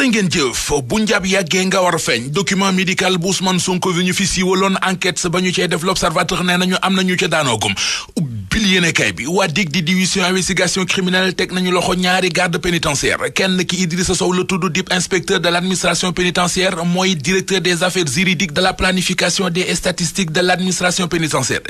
jërë ngeen jëf bu njab yàggee nga war feeñ document médical bu Ousmane Sonko bi ñu fi siiwaloon enquête ba ñu cey def l'observateur nee nañu am nañu ca daanoogum bil yéene kay bi waa di division investigation criminelle teg nañu loxo ñaari garde pénitentiaire kenn ki Idrissa Sow la tudd dip inspecteur de l'administration pénitentiaire mooy directeur des affaires juridiques de planification des statistiques de l'administration pénitentiaire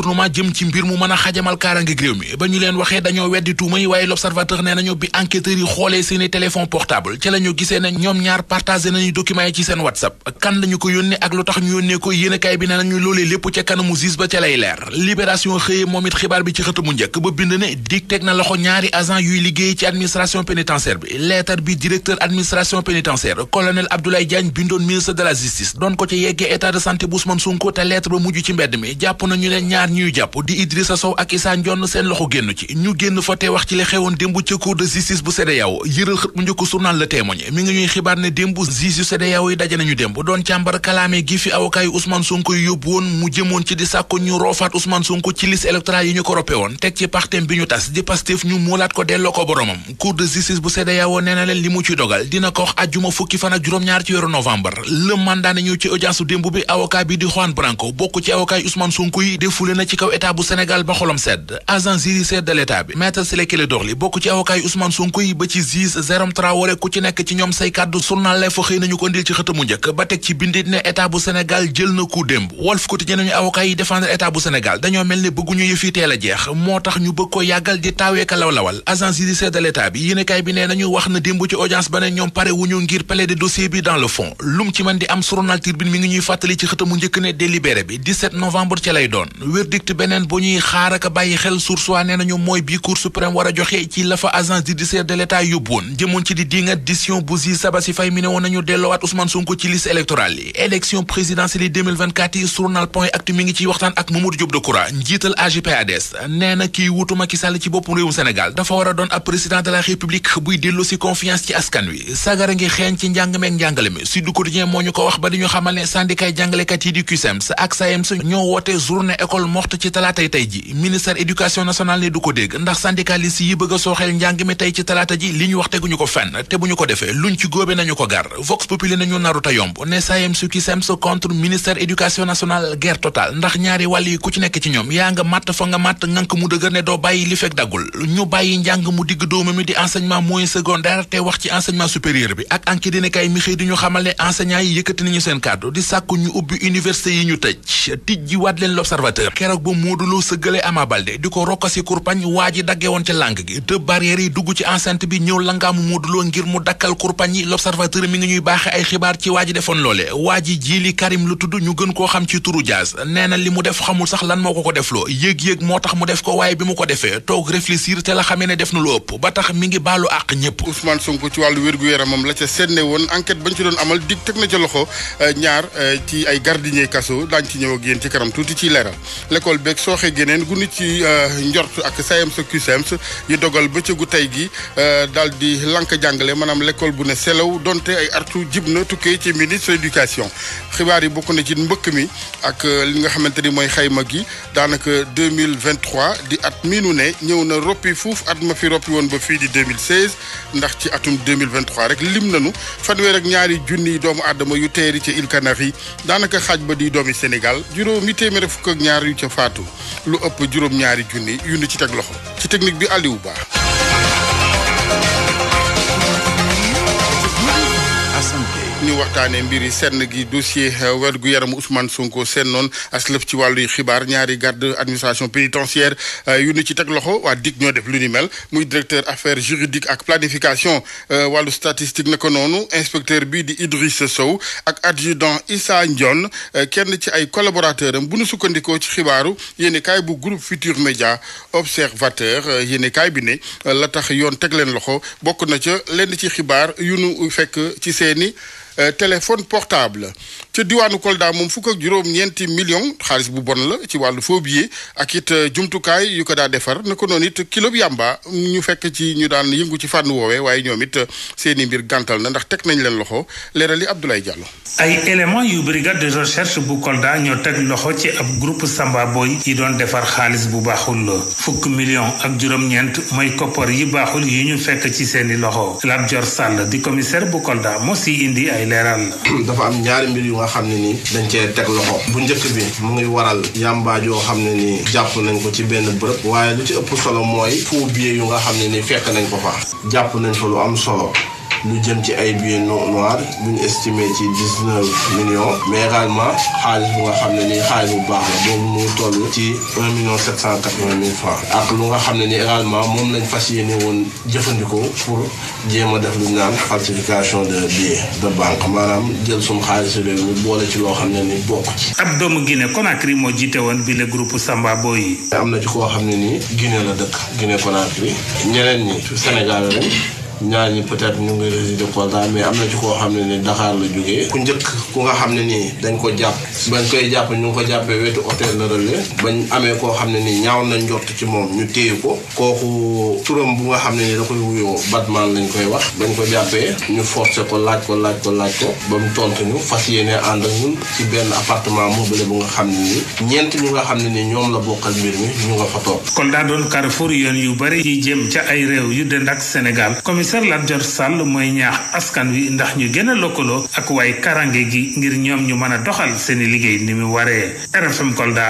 détournement jëm ci mbir mu mën a xajamal kaaraangeeg réew mi ba ñu leen waxee dañoo weddi tuuma waaye l'observateur nee nañu bi enquêteurs yi xoolee seeni téléphone portable ci la ñu ne ñoom ñaar partagé nañu documents yi ci seen whatsapp kan lañu ko yónnee ak lu tax ñu yónnee ko yéenekaay bi nee nañu loolee lépp ca kanamu gis ba ca lay leer libération xëyee moom it xibaar bi ci xëtu mu njëkk ba bind ne dig teg na loxo ñaari agent yuy liggéey ci administration bi lettre bi directeur administration pénitentiaire colonel Abdoulaye ñaar ñuy jàpp di Idrissa ñu génn fa te wax ci li mu njëkk journal Le Témoin mi ngi ñuy xibaar yi yóbbu woon mu jëmoon ci di sàkku ñu roofaat Ousmane Sonko ci liste électorale yi ñu ko roppe woon teg ci partem bi ñu tas di Pastef ñu muulaat ko delloo ko boromam cour de justice bu CEDEAO nee na leen li mu ci dogal dina ko ajjuma fukki fan juróom-ñaar ci weeru novembre le mandat nañu ci yuure na ci kaw état bu Sénégal ba xolom sedd agent judiciaire de l'état bi maître Ciré Clédor Ly bokk ci avocat yi Ousmane yi ba ci juge Jérôme Traoré ku ci nekk ci ñoom say kàddu journal L'Info xëy nañu ko ndil ci xëtamu njëkk ba teg ci bindit ne état bu Sénégal jël na ku démb Walf Quotidien nañu avocat yi défendre état bu Sénégal dañoo mel ne bëgguñu yëf yi teel a jeex moo tax ñu bëgg ko yàggal di taaweeka lawlawal agent judiciaire de l'état bi yéenekaay bi nee wax na démb ci audience ba ne ngi ñuy fàttali ci xëtamu njëkk ne délibéré bi 17 novembre ci verdict beneen bu ñuy xaar ak bàyyi mi ne ci liste électorale yi élection présidentielle yi 2024 njiital AGPADS nee na kii wuutu Macky ci boppum réewum Sénégal dafa war doon ab président de la république buy dellu si confiance ci askan wi sagara ngi xeeñ ci njàng meek njàngale mi Sud Quotidien moo ñu ko wax ba di xamal ne syndicat jàngalekat yi di CUSEMS e ak SAEMS e ñoo woote journée école moxt ci talaatay tey ji ministère éducation nationale ne du ko dégg ndax syndicaliste yi bëgg a sooxeel njàng mi tey ci talaata ji li ñu wax teguñu ko fenn te bu ñu ko defee luñ ci góobe nañu ko gar vox populi nañu naruta yomb ne sayem suki sems contre ministère éducation nationale guerre totale ndax ñaari wàll yi ku ci nekk ci ñoom yaa nga màtt fa nga màtt ngank mu dëgër ne doo bàyyi li fekk daggul ñu bàyyi njàng mu digg dóomu ñu yi seen kàddu di sàkku ñu ubbi université yi ñu tëj keroog ba Modou Lo sëggale Ama Baldé di ko rokkasi kurpañ waa ji dagge woon ci làng gi tëb barrières yi dugg ci enceinte bi ñëw langaamu Modou Lo ngir mu dakkal kurpañ yi l'observateur mi ngi ñuy baaxe ay xibaar ci waa defoon loole waa ji jiili Karim lu tudd ñu gën koo xam ci turu Diaz nee na li mu def xamul sax lan moo ko ko def loo yëg-yëg moo tax mu def ko waaye bi mu ko defee toog réfléchir te la xamee ne def na lu ëpp ba tax mi ngi baalu àq ñëpp Ousmane Sonko ci wàllu wér-gu-yaramam la ca seenne woon enquête bañ ci doon amal dig teg na ca loxo euh, ñaar euh, ci ay gardien kaso daañ ci ñëw ak yéen ci kanam tuuti ciy leeral l'école beeg sooxe geneen gu nu ci euh, njort ak SAEMS CUSEMS yi dogal ba cëgu tey gi euh, daal di lank jàngale maanaam l'école bu ne selaw donte ay artu jib na tukkee ci ministre éducation xibaar yi bokk na ci mbëkk mi ak euh, li nga xamante ni mooy xayma gi daanaka 2023 di at miinu ne ñëw na roppi fuuf at ma fi roppi woon ba fii di 2016 ndax ci atum 2023 rek lim nu fanweer rek ñaari junniy doomu aadama yu teeri ci îles Canaries daanaka xaaj ba di doomi Sénégal juróomi téeméer fukk ak ñaar ca faatu lu ëpp juróom-ñaari junni yu ni ci teg loxo ci technique bi Aliou Ba. ñu waxtaanee mbiri senn gi dossier euh, wér gu yaramu seen Sonko sennoon as lëf ci wàlluy xibaar ñaari garde administration pénitentiaire euh, yu ni ci teg loxo waa DIC ñoo def lu ni mel muy directeur affaires juridiques ak planification euh, wàllu statistique naka noonu inspecteur bii di Idriss Sow ak adjudant Issa Ndion kenn ci ay collaborateur am bu nu sukkandikoo ci xibaaru yéeni kaay bu group Futur Média observateur yéeni kaay bi ne la tax yoon teg leen loxo bokk na ca lenn ci xibaar yu nu fekk ci seeni Euh, téléphone portable ca diwaanu Kolda moom fukk ak juróom-ñeenti million xaalis bu bon la ci wàllu faux billet ak it euh, jumtukaay yu ko daa defar na ko noonu it kilo bu yàmba ñu fekk ci ñu daan yëngu ci fànn woowe waaye ñoom it euh, seeni mbir gàntal na ndax teg nañ leen loxo leerali Abdoulaye Diallo. ay éléments yu brigade de recherche bu Kolda ñoo teg loxo ci ab groupe Samba Boy yi doon defar xaalis bu baaxul la fukk million ak juróom-ñeent mooy koppar yi ñu fekk ci seeni loxo leeral dafa am ñaari mbir yu nga xam ne nii dañ cee teg loxo bu njëkk bi mu ngi waral yàmbaa joo xam ne ni jàpp nañ ko ci benn bërëb waaye lu ci ëpp solo mooy faux billets yu nga xam ne ni fekk nañ ko fa jàpp nañ fa lu am solo lu jëm ci ay billets noirs bu ñu ci dix neuf millions mais également xaalis bu nga xam ne nii xaalis bu baax la boobu mu toll ci un million sept cent quatre vingt mille francs ak lu nga xam ne ni également moom lañ fas yéene woon jëfandikoo pour jéem a def lu ñu naan falsification de billets de banque maanaam jël sum xaalis réew mi boole ci loo xam ne ni bokk ci. ab doomu Guinée Conakry moo jiite woon bi le groupe Samba Boy yi. am na ci koo xam ne nii Guinée la dëkk Guinée Conakry ñeneen ñi Sénégal ñaar ñi peut-être ñu ngi résidé Kolda mais am na ci koo xam ne xam ne nii dañ ko jàpp bañ koy jàpp ñu ngi ko jàppee wetu hôtel Le Relais bañ koo xam ne nii ñaaw nañ njort ci moom ñu téye ko kooku turam bu nga xam ne ni da koy wuyoo Batman lañ koy wax bañ ko jàppee ñu forcé ko laaj ko laaj ko laaj ko ba mu tontu ñu fas yéene ànd ak ñun ci benn apartement meublé bu nga xam ne nii ñeent ñu nga xam ne ni ñoom la bokkal mbir mi ñu nga fa toog. kon daa doon Carrefour yoon yu bari yi jëm ca ay réew yu dënd ak Sénégal commissaire Lat Dior Sall mooy ñaax askan wi ndax ñu gën a lëkkaloo ak waay karange gi ngir ñoom ñu mën a doxal seeni liggéey ni mu waree RFM Kolda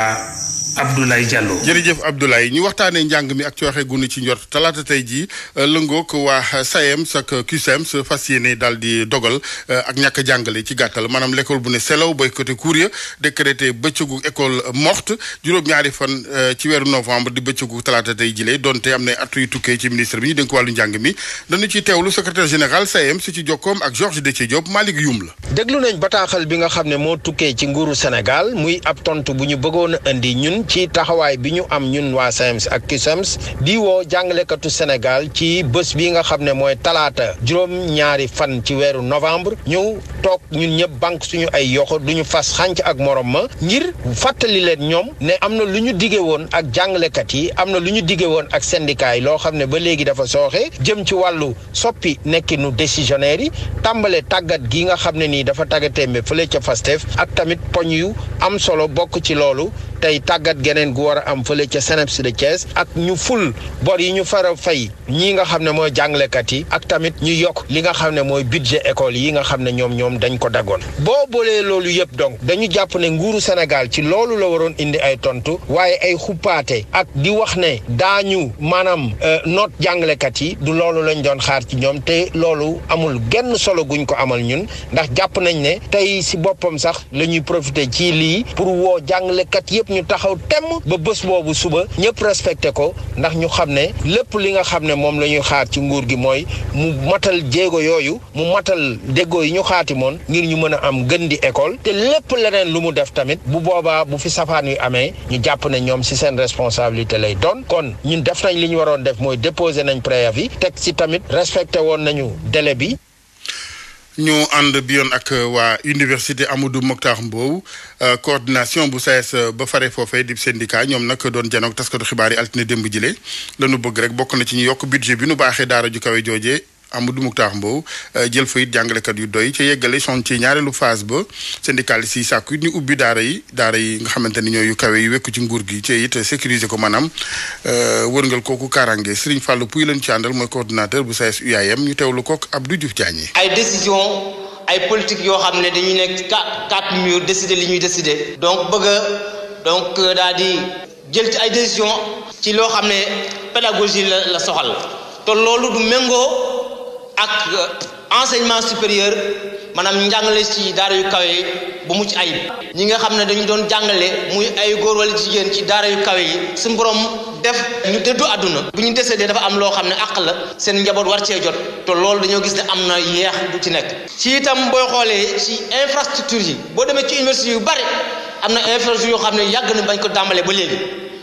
Abdoulaye Diallo. jërëjëf Abdoulaye ñu waxtaanee njàng mi ak cooxe gunu ci njort talaata tey jii euh, lëngoog waa SAEMS sem CUSEMS fas yéene daal di dogal euh, ak ñàkk jàngale ci gàttal maanaam l'école bu ne selaw boycotté kuur ya décrété bëccëgu école morte juróom-ñaari fan euh, ci weeru novembre di bëccëgu talaata tey jii lay donte am na atu yu tukkee ci ministre bi ñu dénk wàllu njàng mi dañu ciy teewlu secretaire général SAEMS ci jokkoom ak Georges Déthié Diop Malick Youm la. déglu nañ bataaxal bi nga xam ne moo tukkee ci nguuru Sénégal muy ab tontu bu ñu bëggoon a indi ñun ci taxawaay bi ñu am ñun waa SAEMS ak CUSEMS di woo jàngalekatu Sénégal ci bës bi nga xam ne mooy talaata juróom-ñaari fan ci weeru novembre ñëw toog ñun ñëpp bank suñu ay yoxo duñu fas xànc ak morom ma ngir fàttali leen ñoom ne am na lu ñu dige woon ak jàngalekat yi am na lu ñu dige woon ak sendikaay loo xam ne ba léegi dafa sooxe jëm ci wàllu soppi nekkinu décisionnaire yi tàmbalee tàggat gi nga xam ne nii dafa tàggatémbe fële ca Fastef ak tamit poñ yu am solo bokk ci loolu tey tàggat geneen gu war a am fële ca CNEPS de Thiès ak ñu ful bor yi ñu fara fay ñii nga xam ne mooy jàngalekat yi ak tamit ñu yokk li nga xam ne mooy budget école yi nga xam ne ñoom ñoom dañ ko daggoon boo boolee loolu yëpp donc dañu jàpp ne nguuru Sénégal ci loolu la waroon indi ay tontu waaye ay xuppaate ak di wax ne daañu maanaam euh, noot jàngalekat yi du loolu lañ doon xaar ci ñoom te loolu amul genn solo guñ ko amal ñun ndax jàpp nañ ne tey si boppam sax la ñuy profité ci lii pour woo jàngalekat yëpp ñu taxaw temm ba bës boobu suba ñëpp respecté ko ndax ñu xam ne lépp li nga xam ne moom la ñuy xaar ci nguur gi mooy mu matal jéego yooyu mu matal déggoo yi ñu xaati moon ngir ñu mën a am gën di école te lépp leneen lu mu def tamit bu boobaa bu fi safaan yu amee ñu jàpp ne ñoom si seen responsabilité lay doon kon ñun def nañ li ñu waroon def mooy déposer nañ préavis teg si tamit respecté woon nañu délai bi ñu ànd bi yoon ak euh, waa université Amadou Mokhtar Mbow euh, coordination bu SAES e euh, ba fare foofee di syndicat ñoom nag doon janoog taskatu xibaar yi altine démb jile lañu bëgg rek bokk na ci ñu yokk budget bi nu baaxee daara ju kawe joojee Amadou Mokhtar Mbow euh, jël fa it jàngalekat yu doy ci yeggale son ci ñaareelu phase ba syndicaliste yi sàkku it ñu ubbi daara yi daara yi nga xamante ni ñooy yu kawe yi wekku ci nguur gi ca it sécuriser ko maanaam euh, wërngal kooku kaaraange Serigne Fallou Pouy lañ ci àndal mooy coordinateur bu SAES UAM ñu teewlu kook Abdou Diouf Diagne. ay décision ay politique yoo xam ne dañuy nekk quatre quatre murs décider li ñuy décider. donc bëgg donc euh, daal jël ci ay décision ci loo xam ne pédagogie ak euh, enseignement supérieur maanaam njàngale ci daara yu kawe yi bu mucc ayib ñi nga xam ne dañu doon jàngale muy ay góor wala jigéen ci daara yu kawe yi suñu borom def ñu dëddu àdduna bu ñu desee de dafa am loo xam ne àq la seen njaboot war cee jot te loolu dañoo gis ne am na yeex bu ci nekk ci itam booy xoolee ci infrastructure yi boo demee ci université yu bari am na infrastructure yoo xam ne yàgg na bañ ko dàmbalee ba léegi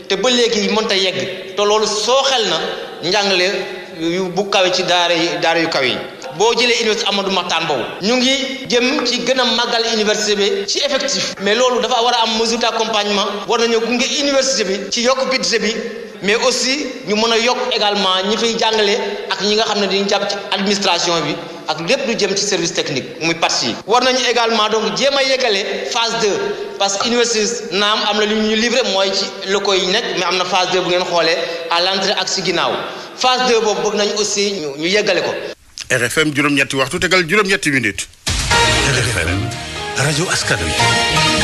te ba léegi mënta yegg te loolu sooxel na njàngale yu bu kawe ci daara yi daara yu kaw yi boo jëlee université Amadou Mahtar Mbow ñu ngi jëm ci gën a màggal université bi ci effectif mais loolu dafa war a am mesure d'accompagnement war nañoo gunge université bi ci yokk budget bi mais aussi ñu mën a yokk également ñi fiy jàngale ak ñi nga xam ne di jàpp ci administration bi ak lépp lu jëm ci service technique muy parti yi war nañu également donc jéem a yeggale phase 2 parce que université naam am na lu ñu livré mooy ci locaux yi nekk am na phase 2 bu ngeen xoolee à ak si ginnaaw phase 2 boobu bëgg nañ aussi ñu ñu yeggale ko. RFM juróom-ñetti waxtu tegal juróom-ñetti minutes. RFM rajo askan wi.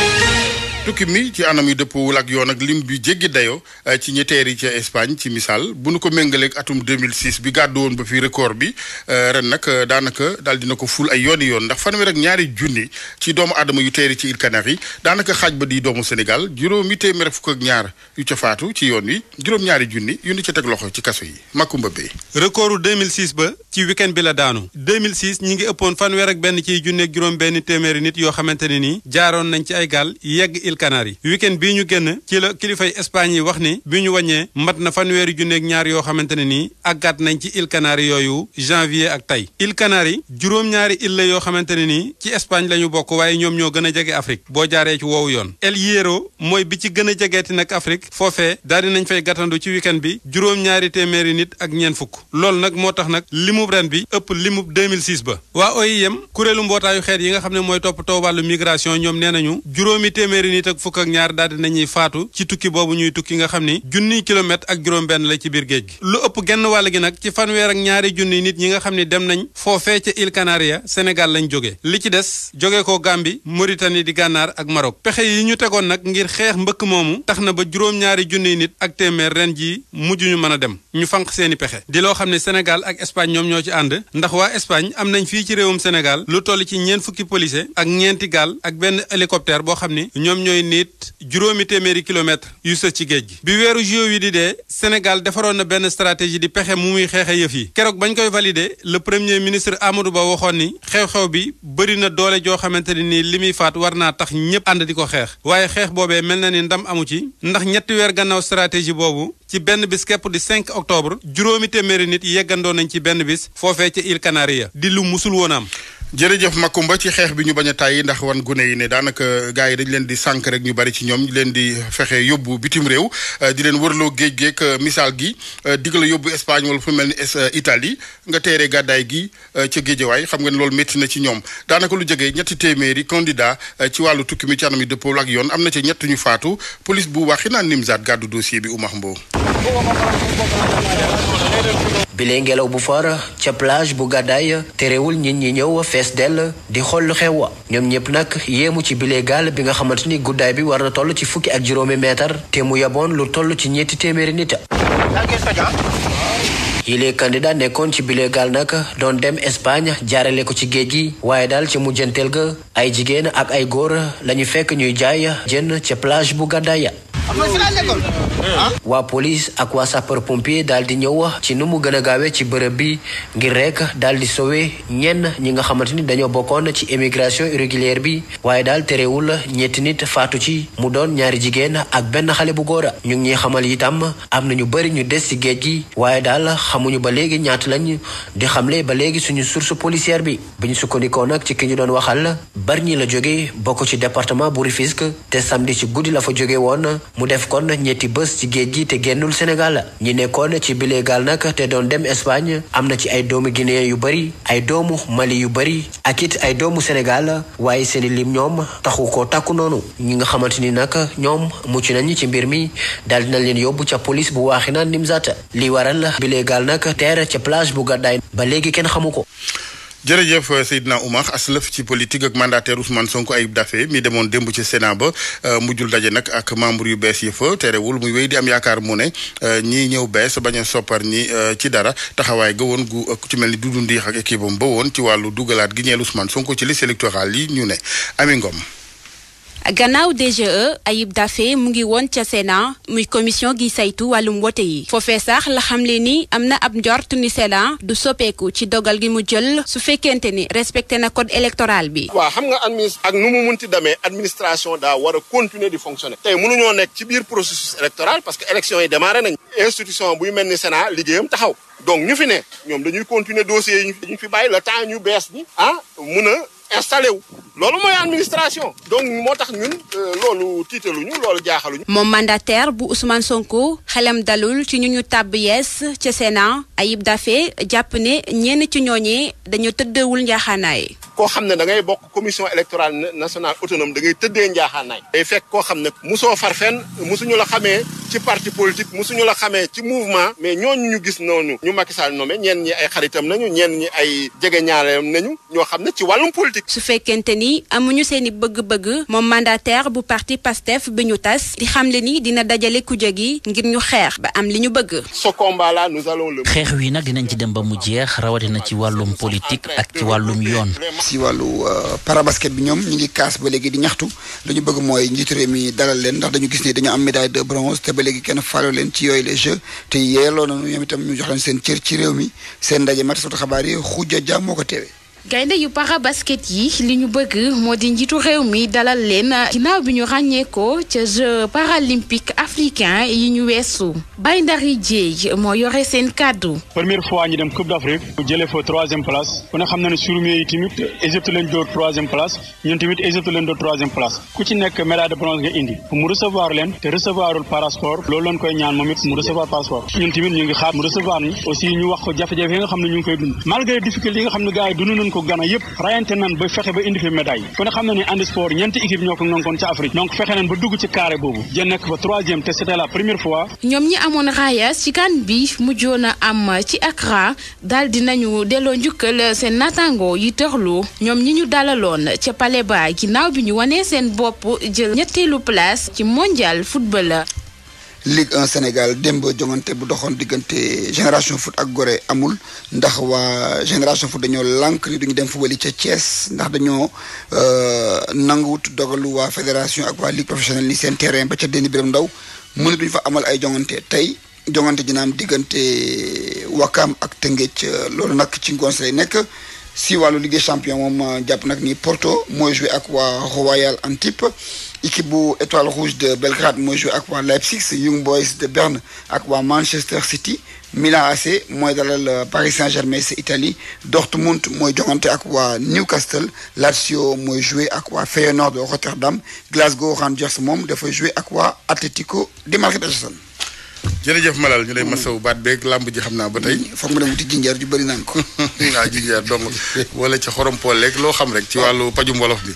tukki mi ci anam yu dëppwul ak yoon ak lim bi jéggi dayo eh, ci ñetteer yi ca Espagne ci misaal bu nu ko méngaleeg atum 2006 bi gàddu woon ba fi record bi eh, ren nag eh, daanaka daal dina ko ful ay yooni yoon ndax fanweer ak ñaari junni ci doomu aadama yu teeri ci îles Canaries daanaka xaaj ba di doomu Sénégal juróomi téeméer ak fukk ak ñaar yu ca faatu ci yoon yi juróom-ñaari junni yu ni ca teg loxo ci kaso yi Makumba Bey recordu 2006 ba ci weekend bi la daanu ñi ngi ëppoon fanweer ak benn ciy junneeg juróom benn téeméeri nit yoo xamante ne nii jaaroon nañ ci ay gaal yegg îles Canaries week-end bii ñu génn ci la kilifay Espagne yi wax ni bi ñu wàññee mat na fanweeri junneeg ñaar yoo xamante ne nii àggaat nañ ci îles Canaries yooyu janvier ak tey îles Canaries juróom-ñaari île la yoo xamante ne ci Espagne la bokk waaye ñoom ñoo gën a jege Afrique boo jaaree ci woowu yoon El Hierro mooy bi ci gën a nag Afrique foofee daal dinañ fay gàttandu ci week bi juróom-ñaari téeméeri nit ak ñeent fukk loolu nag moo tax nag limub ren bi ëpp limub ba nit ak fukk ak ñaar daal di nañuy faatu ci tukki boobu ñuy tukki nga xam ni junniy kilomètre ak juróom-benn la ci biir géej gi lu ëpp genn wàll gi nag ci fanweer ak ñaari junniy nit ñi nga xam ni dem nañ foofee ca île Canaria Sénégal lañ jóge li ci des jóge ko Gambie Mauritanie di Gànnaar ak Maroc pexe yi ñu tegoon nag ngir xeex mbëkk moomu tax na ba juróom-ñaari junniy nit ak téeméer ren ji mujj ñu mën a dem ñu fanq seeni pexe di loo xam ne Sénégal ak Espagne ñoo ci ànd ndax waa Espagne am nañ fii ci réewum Sénégal lu toll ci ñeent fukki policier ak ñeenti gaal ak benn hélicoptère boo xam ñooy niit juróomi téeméeri kilomètre yu sa ci géej gi bi weeru juillet wi di dee Sénégal defaroon na benn stratégie di pexe mu muy xeexe yëf yi keroog bañ koy valider le premier ministre Amadou Ba waxoon ni xew-xew bi bëri na doole joo xamante ne nii li muy faat war naa tax ñëpp ànd di ko xeex waaye xeex boobee mel na ni ndam amu ci ndax ñetti weer gannaaw stratégie boobu ci benn bis képp di 5 octobre juróomi téeméeri nit yeggandoo nañ ci benn bis foofee ca Îles Canaries di lu musul woon am jërëjëf Makumba ci xeex bi ñu bañ a tàyyi ndax wan gune yi ne daanaka gars yi dañ leen di sànq rek ñu bari ci ñoom leen di fexe yóbbu bitim réew euh, di leen wërloo géej geek euh, misaal gi euh, digg la yóbbu Espagne wala fu mel ni Italie nga teeree gàddaay gi ca géejewaay xam nga loolu métti na ci ñoom daanaka lu jege ñetti téeméeri candidat ci wàllu tukki mi ci anam yi ak yoon am na ci ñett ñu faatu police bu waxi naan nimzaat gàddu dossier bi Oumar Mbow bile ngelaw bu fort ca plage bu gàddaay fees dell di xool lu xew ñoom ñëpp nag yéemu ci bile gaal bi nga xamante ni guddaay bi war na toll ci fukki ak juróomi meetar te mu yeboon lu toll ci ñetti téeméeri nit yilee candidat nekkoon ci bile gaal nag doon dem Espagne jaarale ko ci géej gi waaye daal ci mujjanteel ga ay jigéen ak ay góor lañu fekk ñuy jaay jën ca plage bu Gàddaaya waa polis ak waa sapeur pompier daal di ñëw ci nu mu gën a gaawee ci bërëb bi ngir rek daal di sowe ñenn ñi nga xamante ni dañoo bokkoon ci immigration irrégulière bi waaye daal terewul la ñetti nit faatu ci mu doon ñaari jigéen ak benn xale bu góor ñu ngi ñuy xamal itam am na ñu bëri ñu des ci géej gi xamuñu ba léegi ñaata lañ di xamle ba léegi suñu source policière bi bi ñu sukkandikoo nag ci ki ñu doon waxal Bargny la jóge bokk ci département bu Rufisque te samedi ci guddi la fa jóge woon na mu def kon ñetti bés ci géej gi te génnul Sénégal ñi nekkoon ci bilee gaal nag te doon dem Espagne am na ci ay doomu Guinée yu bari ay doomu Mali yu bari akit ay doomu Sénégal waaye seeni lim ñoom taxu ko tàkku noonu ñi nga xamante ni nag ñoom mucc nañu ci mbir mi daal dinañ leen yóbbu ca police bu waaxi naan Nimzaat li waral bi légal nag teer ca plage bu gàddaay ba léegi kenn xamu ko jërëjëf euh, Seydina Oumar aslëf ci politique ak mandataire Ousmane Sonko Ayib Daffé mi demoon démb ci Sénat ba euh, mujjul daje nag ak membre yu bees yi fa terewul muy wéy di am yaakaar mu ne euh, ñii ñëw bees bañ a soppar ñi ci dara taxawaay ga woon gu ku ci mel ni du Ndiikh ak équipe am ba woon ci wàllu dugalaat gi ñeel Ousmane Sonko ci liste électorale yi ñu ne Ami Ngom gannaaw DGE Ayib Daffé mu ngi woon ca Sénat muy commission gi saytu wàllum wote yi foofee sax la xamle ni am na ab njort ni Sénat du soppeeku ci dogal gi mu jël su fekkente ni respecté na code électoral bi. waaw xam nga administ ak nu mu munti demee administration daa war a continuer di fonctionner. tey ñoo nekk ci biir processus électoral parce que élection yi démarré nañ. institution buy mel ni Sénat liggéeyam taxaw donc ñu fi ne ñoom dañuy continuer dossier yi fi bàyyi le temps ñu bees bi ah installé wu loolu mooy administration donc moo tax ñun euh, loolu tiitaluñu loolu jaaxaluñu. moom mandataire bu Ousmane Sonko xelam dalul ci ñu ñu tàbb yees ca Sénat Ayib Daffé jàpp ne ñenn ci ñooñee dañoo tëddeewul njaaxaanaay. koo xam ne da ngay bokk commission électorale nationale autonome da ngay tëddee njaaxaanaay day fekk koo xam ne musoo far fenn musuñu la xamee ci parti politique musuñu la xamee ci mouvement mais ñooñu ñu gis noonu ñu Macky Sall nommé ñeen ñi ay xaritam nañu ñeen ñi ay jege ñaaleem nañu ñoo xam ne ci wàllum politique su fekkente ni amuñu seen i bëgg-bëgg moom mandataire bu parti PASTEF bi ñu tas di xamle ni dina dajale kujje gi ngir ñu xeex ba am li ñu bëgg xeex wi nag dinañ ci dem ba mu jeex rawatina ci wàllum politique ak ci wàllum yoon ci wàllu euh, parabasket bi ñoom ñu ngi kaas ba léegi di ñaxtu la ñu bëgg mooy njiitu réew mi dalal leen ndax dañu gis ne dañu am médaille de bronze te ba léegi kenn faalo leen ci yooyu les jeux te yeeloo nañu ñoom itam ñu jox leen seen cër ci réew mi seen ndaje matasutu xabaar yi xuja jàmm moo ko teewee gaynde yu para basket yi li ñu bëgg moo di njiitu réew mi dalal leen ah, ginnaaw bi ñu ràññeekoo ca jeux paralympiques africains yi ñu weesu Baye Ndari Dieye moo yore seen kàddu première fois ñu dem coupe d'Afrique mu jëlee fa place ku ne xam na ne surmee yi tamit Égypte leen door troisième place ñun tamit Égypte leen door troisième place ku ci nekk médaille de bronze nga indi mu recevoir leen te recevoirul parasport loolu lañ koy ñaan moom it mu recevoir ne ñu ngi koy dund ko Gana yëpp rayante nan ba fexe ba indi fi médaille ku ne xam ne ne andi sport ñeenti équipe ñoo ko ngonkoon ca Afrique donc fexe nan ba dugg ci carré boobu jël nekk fa troisième te c'était la première fois ñoom ñi amoon raaya ci kan bi mujjoon a am ci Accra daal dinañu delloo njukkal seen naataango yi tëxlu ñoom ñi ñu dalaloon ca Palais ba ginnaaw bi ñu wanee seen bopp jël ñetteelu place ci mondial football Ligue 1 Sénégal démb jongante bu doxoon diggante Génération Foot ak Gorée amul ndax waa Génération Foot dañoo lànk ni duñu dem fubali ca Thiès ndax dañoo euh, nanguwut dogalu waa fédération ak waa ligue professionnelle ni seen terrain ba ca Déni Biram Ndaw mënu duñu fa amal ay jongante tey jongante dina am diggante Wakaam ak Tëngéej euh, loolu nag ci ngoon si nekk si wàllu Ligue des champions moom euh, jàpp nag ni Porto mooy joué ak waa Royal Antip équipe bu étoile rouge de Belgrade mooy joué ak waa Leipzig Young Boys de Berne ak waa Manchester City Milan AC mooy dalal euh, Paris Saint-Germain c'est Italie Dortmund mooy jongante ak waa Newcastle Lazio mooy joué ak waa Feyenoord de Rotterdam Glasgow Rangers moom dafay joué ak waa Atlético de Madrid. jërëjëf Malal ñu lay masawu baat beeg làmb ji xam naa ba tey. foog mu dem wuti jinjeer ju bëri naan ko. waaw jinjeer donc wala ci xorom pool loo xam rek ci wàllu pajum wolof bi.